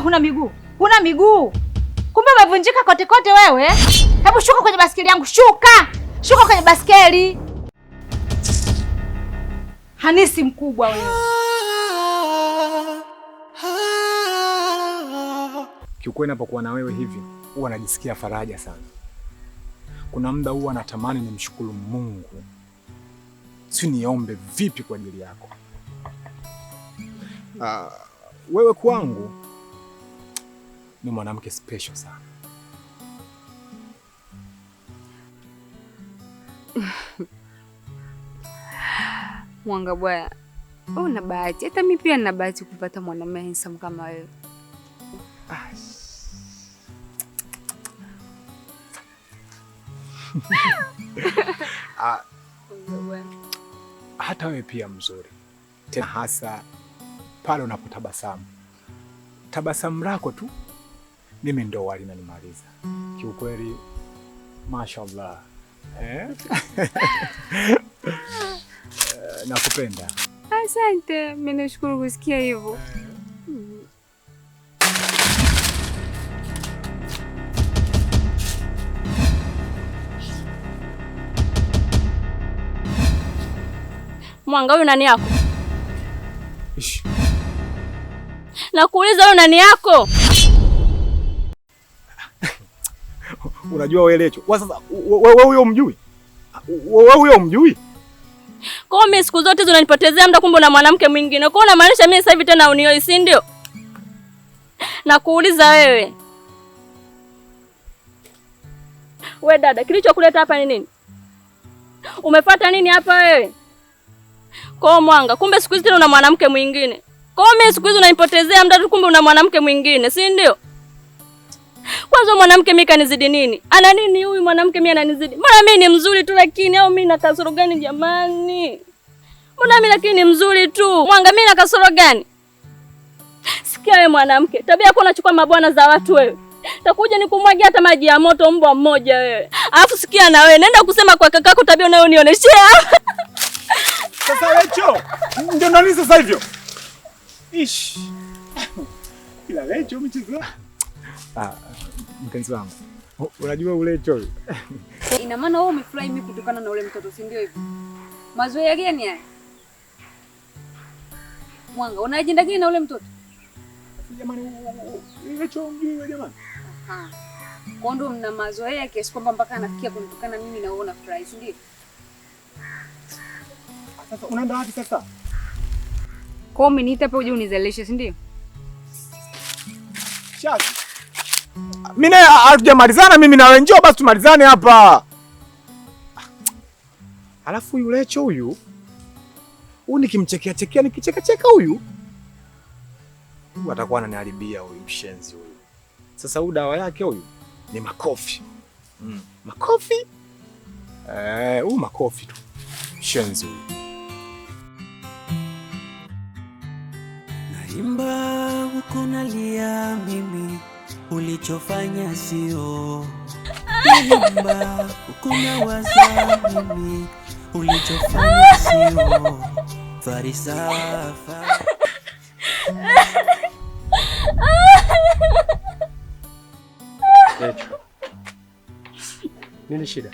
huna miguu, huna miguu. Kumbe umevunjika kote kote wewe. Hebu shuka kwenye baskeli yangu, shuka, shuka kwenye baskeli. Hanisi mkubwa wewe. Kiukweli napokuwa na wewe hivi huwa najisikia faraja sana. Kuna muda huwa natamani nimshukuru Mungu, si niombe vipi kwa ajili yako. Uh, wewe kwangu ni mwanamke special sana. Mwanga bwana, una bahati. Hata mimi pia nina bahati kupata mwanamume handsome kama wewe. Ah. Hata wewe pia mzuri tena, hasa pale unapotabasamu. Tabasamu lako tu mimi ndo walinanimaliza kiukweli, mashallah eh? eh nakupenda. Asante, nashukuru kusikia hivyo. Mwanga, huyu nani yako? Nakuuliza, huyu nani yako? unajua wewe Lecho. Kwa sasa wewe huyo umjui? Wewe huyo umjui? Kwa mimi siku zote zinanipotezea muda, kumbe na mwanamke mwingine. Kwa unamaanisha mimi sasa hivi tena unioi, si ndio? Nakuuliza wewe. We dada, kilichokuleta hapa ni nini? Umefata nini hapa wewe? Kwa mwanga, kumbe siku hizi tena una mwanamke mwingine. Kwa mimi siku hizi unanipotezea muda tu, kumbe una mwanamke mwingine, si ndio? Kwanza mwanamke mimi kanizidi nini? Ana nini huyu mwanamke mimi ananizidi? Mbona mimi ni mzuri tu lakini au mimi na kasoro gani jamani? Mbona mimi lakini ni mzuri tu. Mwanga mimi na kasoro gani? Sikia wewe mwanamke, tabia yako unachukua mabwana za watu wewe. Takuja nikumwagia hata maji ya moto mbwa mmoja wewe. Alafu sikia na wewe, nenda kusema kwa kakako tabia nayo unayonionyeshea. Sasa Lecho, Ndio nani sasa hivyo? Ish. Ila Lecho mchezo. Ah, mpenzi wangu unajua ule choi eh, ina maana wewe umefurahi mimi kutokana na ule mtoto, si ndio? Hivyo mazoea gani haya? Mwanga, una ajenda gani na ule mtoto jamani? Ile choyo mjui wewe jamani? Aha, kwa ndo mna mazoea kiasi kwamba mpaka anafikia kunitukana mimi na wewe unafurahi, si ndio? Sasa unaenda wapi sasa? Kwa umeniita hapa uje unizalishe, si ndio? Shazi mimi naye hatujamalizana mimi nawe, njoo basi tumalizane hapa. Alafu huyu Lecho huyu huyu nikimchekea chekea nikicheka cheka huyu huyu atakuwa ananiharibia huyu mshenzi huyu. Sasa huyu dawa yake huyu ni makofi mm. Makofi eh, huyu makofi tu mshenzi huyu. Naimba huko nalia mimi ulichofanya sio mba kuna mimi, ulichofanya sio farisafa Nini shida?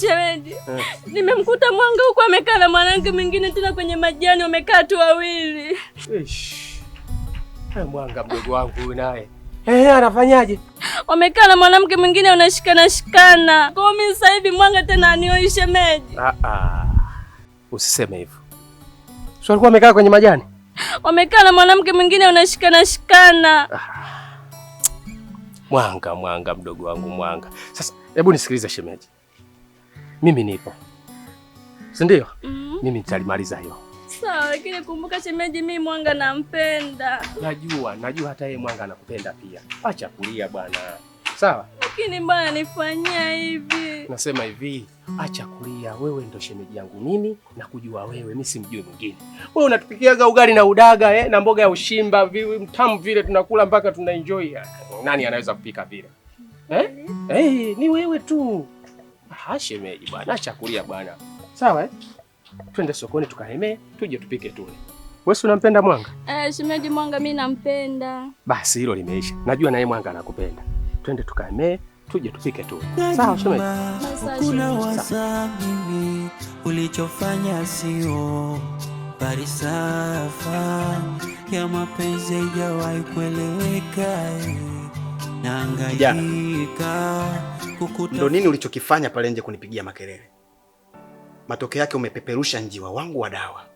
Shemeji, nimemkuta mwanga huko amekaa na mwanamke mwingine tena kwenye majani wamekaa tu wawili. Eish. Mwanga mdogo wangu huyu naye eh, anafanyaje? Wamekaa na mwanamke mwingine unashikana shikana. Kwa mimi sasa hivi Mwanga tena anioishe meji. Ah ah. Usiseme hivyo. Sio alikuwa amekaa kwenye majani? Wamekaa na mwanamke mwingine unashikana shikana. Ah. Mwanga, Mwanga mdogo wangu Mwanga. Sasa hebu nisikilize shemeji. Mimi nipo. Si ndio? Mm -hmm. Mimi nitalimaliza hiyo lakini kumbuka shemeji, mimi Mwanga nampenda. Najua, najua hata yeye Mwanga anakupenda pia. Acha kulia bwana, sawa? Lakini mbona nifanyia hivi? Nasema hivi, acha kulia. Wewe ndo shemeji yangu mimi, na kujua wewe, mimi simjui mwingine. Wewe unatupikiaga ugali na udaga eh, na mboga ya ushimba vi, mtamu vile tunakula mpaka tunaenjoy. Nani anaweza kupika vile eh? Eh, ni wewe tu. Ah, shemeji bwana, acha kulia bwana, sawa eh? twende sokoni tukaemee, tuje tupike tule. Wewe unampenda Mwanga? Eh, shemeji Mwanga mimi nampenda. Basi hilo limeisha. Najua naye Mwanga anakupenda. Twende tukaemee, tuje tupike tule. Sawa shemeji. Kuna wasa mimi ulichofanya sio Parisafa ya mapenzi haijawahi kueleweka. Nahangaika kukuta. Ndio nini ulichokifanya pale nje kunipigia makelele? matokeo yake umepeperusha njiwa wangu wa dawa.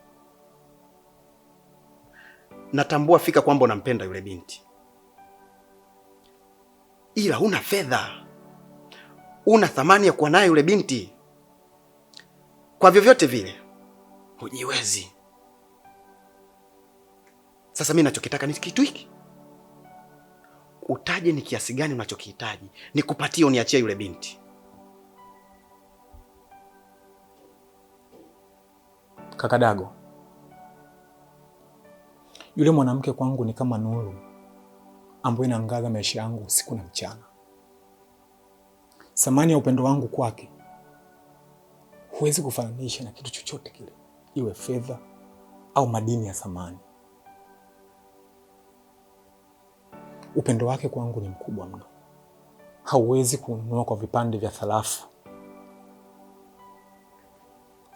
Natambua fika kwamba unampenda yule binti, ila una fedha, una thamani ya kuwa naye yule binti. Kwa vyovyote vile hujiwezi. Sasa mimi nachokitaka ni kitu hiki, utaje ni kiasi gani unachokihitaji nikupatie, uniachie yule binti. Kakadago, yule mwanamke kwangu ni kama nuru ambayo inaangaza maisha yangu usiku na mchana. Thamani ya upendo wangu kwake huwezi kufananisha na kitu chochote kile, iwe fedha au madini ya thamani. Upendo wake kwangu ni mkubwa mno, hauwezi kununua kwa vipande vya sarafu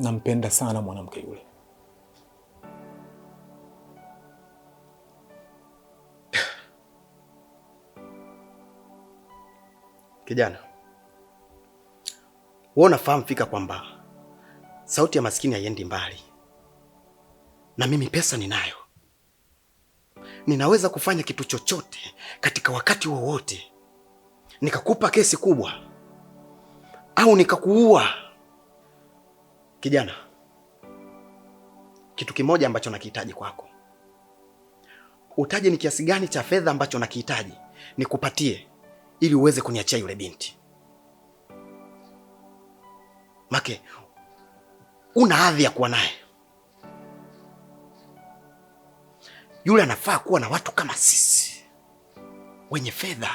nampenda sana mwanamke yule. Kijana, wewe unafahamu fika kwamba sauti ya maskini haiendi mbali, na mimi pesa ninayo, ninaweza kufanya kitu chochote katika wakati wowote, nikakupa kesi kubwa au nikakuua Kijana, kitu kimoja ambacho nakihitaji kwako, utaje ni kiasi gani cha fedha ambacho nakihitaji nikupatie ili uweze kuniachia yule binti. Make una hadhi ya kuwa naye yule, anafaa kuwa na watu kama sisi wenye fedha.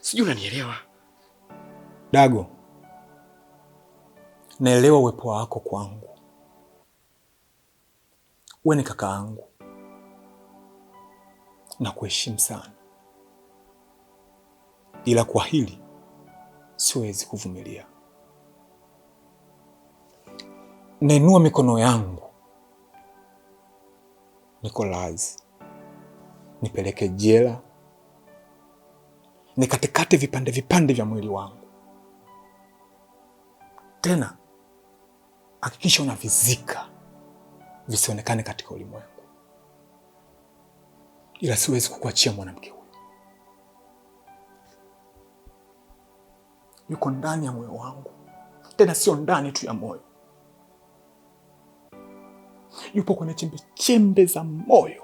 Sijui unanielewa Dago? naelewa uwepo wako kwangu. Wewe ni kaka yangu na kuheshimu sana, ila kwa hili siwezi kuvumilia. Nainua mikono yangu, niko lazi, nipeleke jela, nikatekate vipande vipande vya mwili wangu tena hakikisha unavizika visionekane katika ulimwengu, ila siwezi kukuachia mwanamke huyu, yuko ndani ya moyo wangu, tena sio ndani tu ya moyo, yupo kwenye chembe chembe za moyo.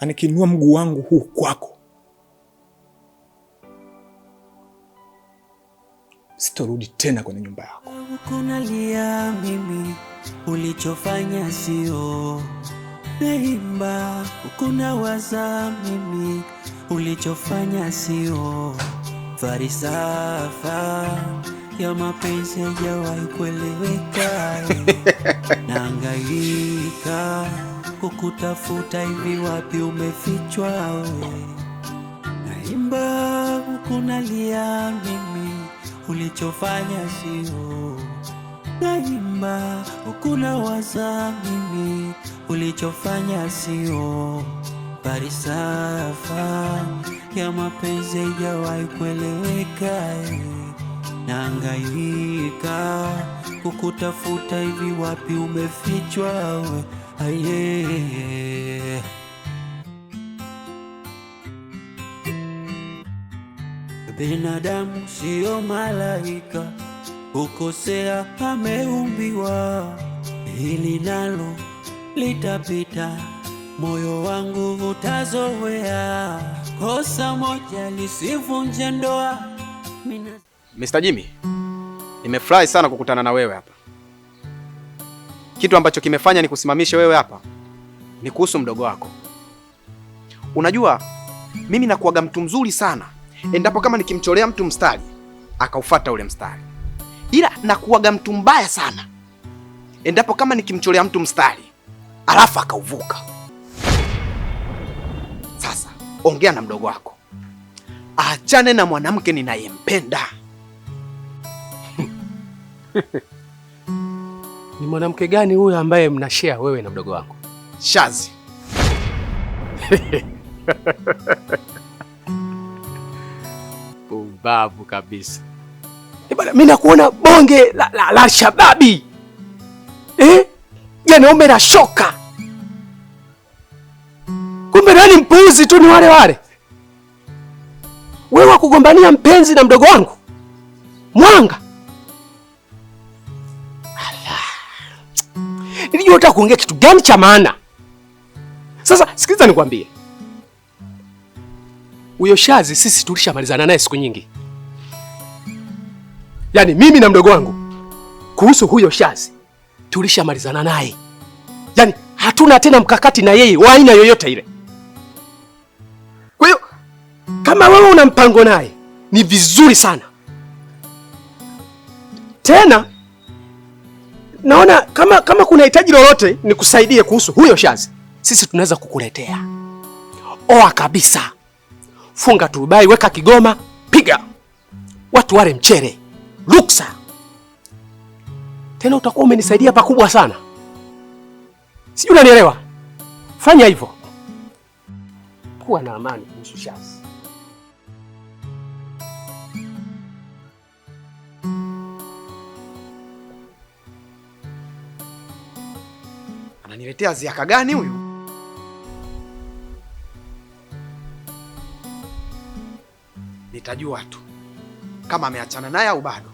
anikinua mguu wangu huu kwako sitorudi tena kwenye nyumba yako. Kunalia mimi ulichofanya sio naimba, kuna waza mimi ulichofanya sio farisafa ya mapenzi hajawahi kueleweka, naangaika kukutafuta hivi, wapi umefichwa we? Naimba kunalia mimi ulichofanya sio daima, ukuna waza mimi ulichofanya sio parisafa ya mapenzi haijawahi kueleweka, naangaika kukutafuta hivi, wapi umefichwa we aye Binadamu siyo malaika, ukosea ameumbiwa. Hili nalo litapita, moyo wangu utazowea, kosa moja lisivunje ndoa. Mina... Mr. Jimmy, nimefurahi sana kukutana na wewe hapa. Kitu ambacho kimefanya nikusimamishe wewe hapa ni kuhusu mdogo wako. Unajua mimi nakuaga mtu mzuri sana endapo kama nikimcholea mtu mstari akaufata ule mstari, ila nakuwaga mtu mbaya sana endapo kama nikimcholea mtu mstari alafu akauvuka. Sasa ongea na mdogo wako, achane na mwanamke ninayempenda. Ni mwanamke gani huyo ambaye mnashea wewe na mdogo wako Shazi? shababu kabisa. Eh, mimi nakuona bonge la, la, la shababi eh? Janaume yaani na shoka, kumbe nani mpuuzi tu ni wale wale. Wewe wakugombania mpenzi na mdogo wangu Mwanga. Nilijua unataka kuongea kitu gani cha maana. Sasa sikiliza nikwambie huyo Shazi sisi tulishamalizana naye siku nyingi, yaani mimi na mdogo wangu kuhusu huyo Shazi tulishamalizana naye, yaani hatuna tena mkakati na yeye wa aina yoyote ile. Kwa hiyo kama wewe una mpango naye ni vizuri sana tena naona kama kama kuna hitaji lolote nikusaidie kuhusu huyo Shazi, sisi tunaweza kukuletea oa kabisa funga turubai, weka kigoma, piga watu wale mchere ruksa. Tena utakuwa umenisaidia pakubwa sana, sijui unanielewa. Fanya hivyo, kuwa na amani kuhusu Ananiletea ziaka gani huyu? nitajua tu kama ameachana naye au bado.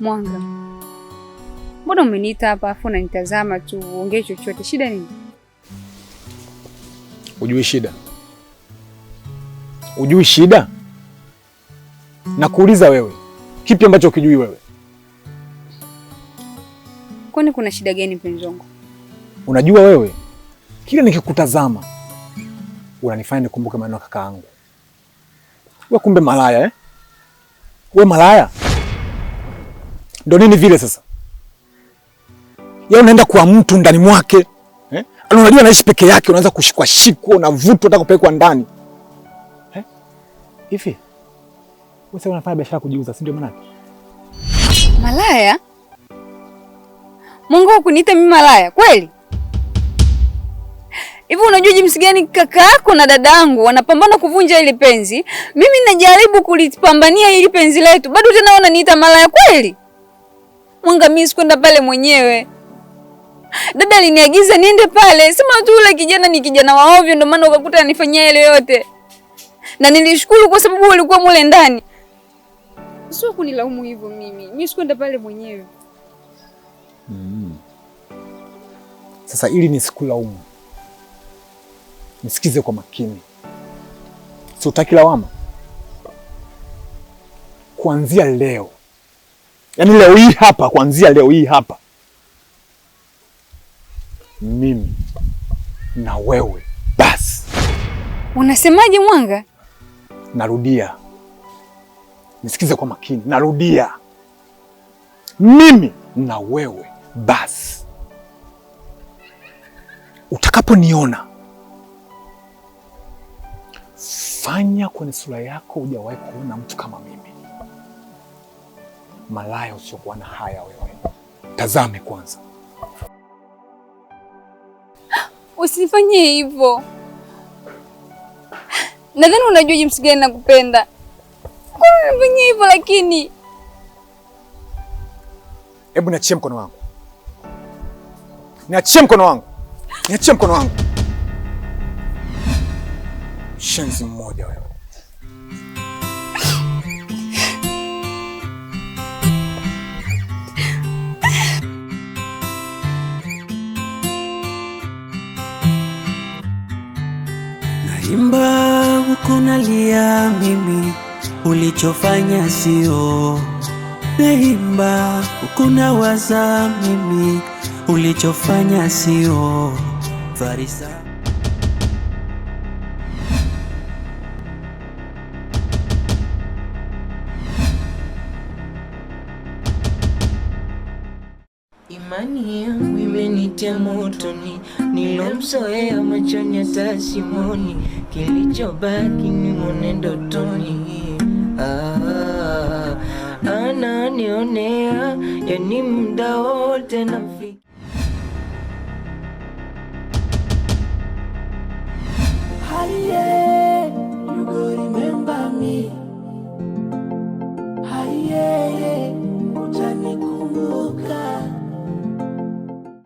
Mwanga, mbona umeniita hapa afu unanitazama tu, uongee chochote? Shida nini? Ujui shida? Ujui shida? na kuuliza wewe, kipi ambacho ukijui wewe? Kwani kuna shida gani mpenzi wangu? Unajua wewe, kila nikikutazama unanifanya nikumbuke maneno ya kaka yangu. Wewe kumbe malaya eh? Wewe malaya ndo nini vile sasa? ya yaani unaenda kwa mtu ndani mwake eh? Yaani unajua anaishi peke yake, unaanza kushikwashikwa, unavutwa, hata kupelekwa ndani eh? hivi eh? Wewe unafanya biashara kujiuza, si ndio maana? Malaya? Mungu kuniita mimi malaya kweli? Hivi unajua jinsi gani kaka yako na dadangu wanapambana kuvunja ile penzi? Mimi najaribu kulipambania ili penzi letu, bado tena wananiita malaya kweli? Mwanga, mimi sikwenda pale mwenyewe. Dada aliniagiza niende pale, sema tu yule kijana ni kijana wa ovyo, ndio maana ukakuta anifanyia ile yote, na nilishukuru kwa sababu walikuwa mule ndani sio kunilaumu hivyo. Mimi mimi sikwenda pale mwenyewe mm. Sasa ili nisikulaumu, nisikize kwa makini. Si utaki lawama kuanzia leo, yaani leo hii hapa, kuanzia leo hii hapa, mimi na wewe basi. Unasemaje Mwanga? Narudia nisikize kwa makini, narudia, mimi na wewe basi. Utakaponiona fanya kwenye sura yako, hujawahi kuona mtu kama mimi. Malaya usiokuwa na haya wewe, tazame kwanza. Usifanye hivyo, nadhani unajua jinsi gani nakupenda. Mbona unafanyia hivyo lakini? Hebu niachie mkono wangu, niachie mkono wangu, niachie mkono wangu. Shenzi mmoja wewe. Imba huko nalia mimi ulichofanya sio naimba kuna waza mimi ulichofanya sio farisa Imani yangu imenitia motoni, nilomsoea machoni tasimoni kilicho kilichobaki ni mwenendo toni ananionea yani mda wote namfikia hali yeah.